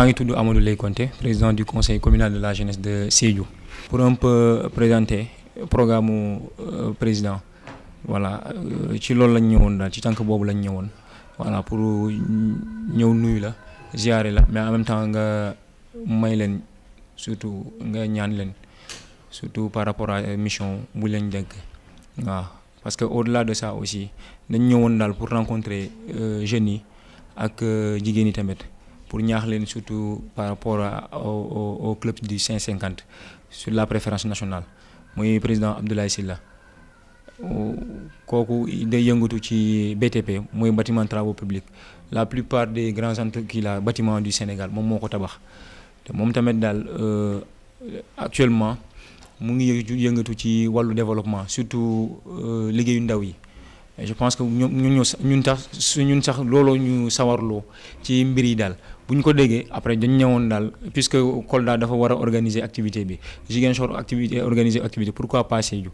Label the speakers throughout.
Speaker 1: maa ngi tudd Amadou Leye Conté président du conseil communal de la jeunesse de Sédhiou. pour un peu euh, présenter programme mu euh, président voilà euh, ci loolu lañ ñëwoon daal ci tànk boobu lañ ñëwoon voilà pour ñëw nuyu la ziare la mais en même temps nga may leen surtout nga ñaan leen surtout par rapport à mission bu leen dégg waaw parce que au-delà de saa aussi dañ ñëwoon daal pour rencontrer jeunes yi ak jigéen yi tamit. pour ñaax leen surtout par rapport à au au club du 550 sur la préférence nationale muy président Abdoulaye Sylla kooku day yëngatu ci BTP mooy bâtiment travaux publics la plupart des grands centres kii la bâtiment du Sénégal moom moo ko tabax te moom tamit daal euh, actuellement mu ngi yëngatu ci wàllu développement surtout euh, liggéeyu ndaw yi. je pense que ñun ñun ñun sax su ñun sax looloo ñu sawarloo ci mbir yi daal bu ñu ko déggee après dañ ñëwoon daal puisque colda dafa war a organiser activité bi Ziguinchor activité organiser activité pourquoi pas Sédhiou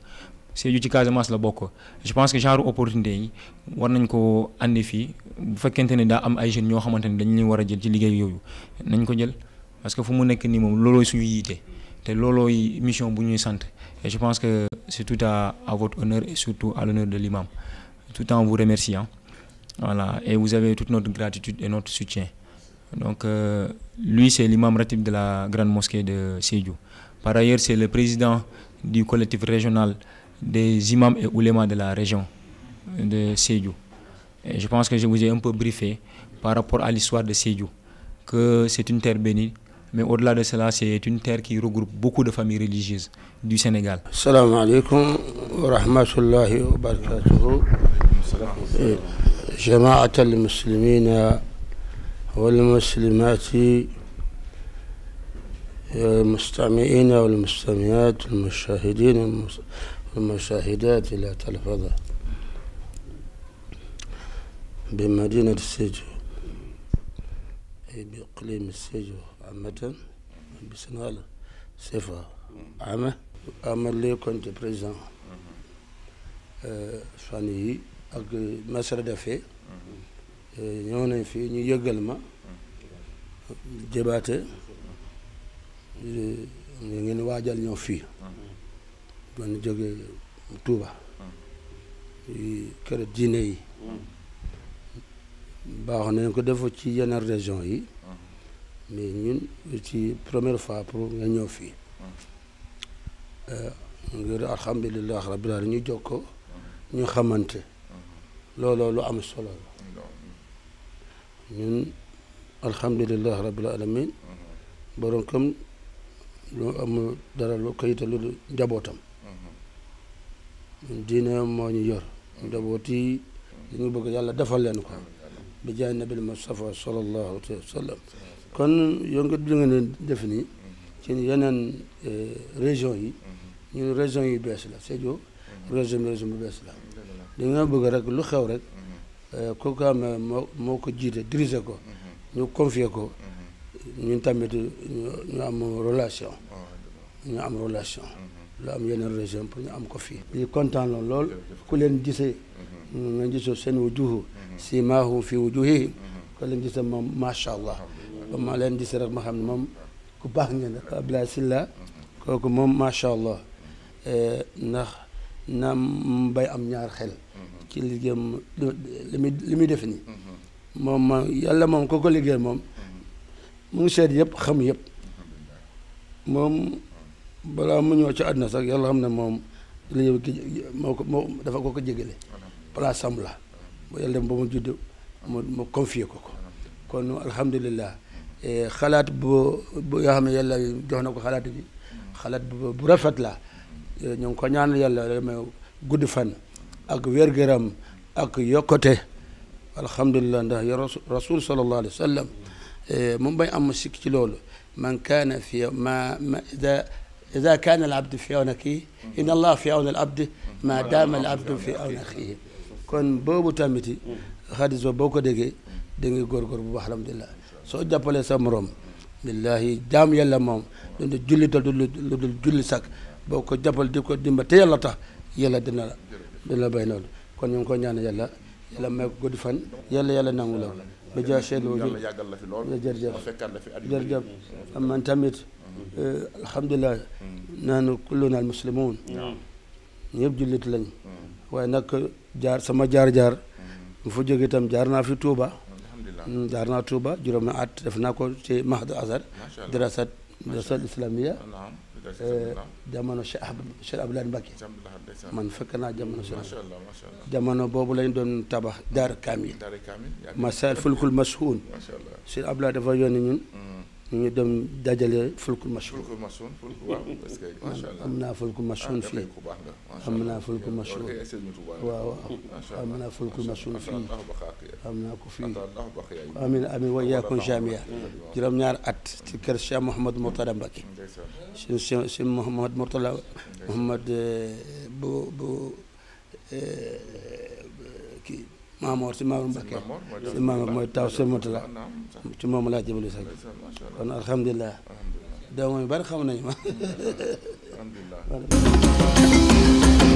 Speaker 1: Sédhiou ci Casamance la bokk je pense que genre opportunité yi war nañ ko àndi fii bu fekkente ne daa am ay jeunes ñoo xamante ne dañ leen war a jël ci liggéey yooyu nañ ko jël parce que fu mu nekk nii moom loolooy suñu yiite te loolooy mission bu ñuy sant je pense que c'est tout à à surtout à l'honneur de tout en vous remerciant. Voilà, et vous avez toute notre gratitude et notre soutien. Donc, euh, lui, c'est l'imam ratib de la grande mosquée de Sédiou. Par ailleurs, c'est le président du collectif régional des imams et oulémas de la région de Sédiou. Et je pense que je vous ai un peu briefé par rapport à l'histoire de Sédiou, que c'est une terre bénie, mais au-delà de cela, c'est une terre qui regroupe beaucoup de familles religieuses du Sénégal. Salam
Speaker 2: alaikum
Speaker 1: جماعة المسلمين
Speaker 2: والمسلمات المستمعين والمستمعات المشاهدين والمشاهدات إلى تلفظة بمدينة السجو أي بإقليم السجو عامة بسنغال صفة عامة أما اللي كنت بريزان فاني ak euh, masara dafee euh, ñëw nañ fi ñu yëgal ma jébaate euh, ñu ngeen waajal ñoo fii man jóge Tuuba kër diine yi baax nañ ko defu ci yeneen région yi mais ñun ci première fois pour nga ñëw fii ngir alhamdulilah rabbil ñu jokkoo ñu xamante looloo lu am solo la ñun alhamdulilah rabbil alamin borom kam lu amul dara lu kayita lu njabootam ñun diine moo ñu yor njaboot yi ñu bëgg yàlla defal leen ko bi jaay nabil Mustafa sallallahu alayhi wa sallam kon yow nga di nga ne ci yeneen eh, région yi ñun région yu bees la Sédhiou région région bu bees la dañoo bëgg rek lu xew rek mhm. euh, kooku am moo moo ko jiite diriger ko mhm. ñu confier ko mhm. ñun tamit ñu am relation ñu am relation oh, lu am yeneen région pour ñu am ko fii ñu kontaan lool ku leen gisee nga gisoo seen wujuhu si maahum fi wujuhihim ku leen gisee moom macha allah ba ma leen gisee rek ma xam ne moom ku baax ngeen rek Abdoulaye kooku moom macha allah euh, ndax na mbay am ñaar xel ci liggéeyam li muy li muy defe nii moom ma yàlla moom ko ko liggéey moom mu ngi seet yëpp xam yëpp moom balaa mu ñëw ci àdduna sax yàlla xam ne moom liggéey bi moo ko moo dafa ko ko place am la ba yàlla dem ba mu judd mu mu confié ko ko kon alhamdulilah eh, xalaat bu bu yoo xam ne yàlla jox na ko xalaat bi xalaat bu bu rafet la ñu ngi ko ñaanal yàlla rek mais gudd fan ak wér gu ak yokkute alhamdulilah ndax ya rasul sallallahu alayhi wa sallam eh, bay am sikk ci loolu man kaana fi ma ma ida ida fi awn akii inna allah fi awn al ma daama al fi awn axiihi kon boobu tamit xadis ba boo ko déggee da bu baax alhamdulilah soo jàppalee sa morom billahi jaam yàlla moom dund jullital dul dul julli sakk boo ko jàppal di ko dimba te yàlla tax yàlla dina la dina la béy loolu kon ñu ngi ko ñaan yàlla yàlla may ko gudd fan yàlla yàlla nangu la ba jaay seetlu wu ñu jërëjëf jërëjëf man tamit mm. eh, alhamdulilah naanu kulluna al muslimun mm. ñëpp jullit lañ mm. waaye nag jaar sama jaar-jaar mu fa jóge jaar naa fi Touba jaar naa Touba juróom na at def naa ko ci Mahad Azhar dirasat dirasat islamia Eh, jamono Cheikh Cheikh Abdoulaye Mbacké man fekk naa jamono Cheikh jamono boobu lañ doon tabax Daara Kamil masal fulkul mashuun Cheikh Abdoulaye dafa ñun mm. ñu ngi dem dajale fulkul machun fulkul machun waaw parce que macha allah am naa fulkul machun ah, fii am naa fulkul machun waaw am naa fulkul machun fii am naa ko fii amin amin wa yaakum jamia juróom-ñaar at ci kër Cheikh Mouhamad Mourtada Mbacke si si si Mouhamad Mourtada Mouhamad bu bu eh, kii Maamoor si Maamoor Mbakke si Maamoor mooy taw Sëñ Murtala ah, ci moom laa jëmale sax kon alhamdulilah doomam yu bari xam nañu ma.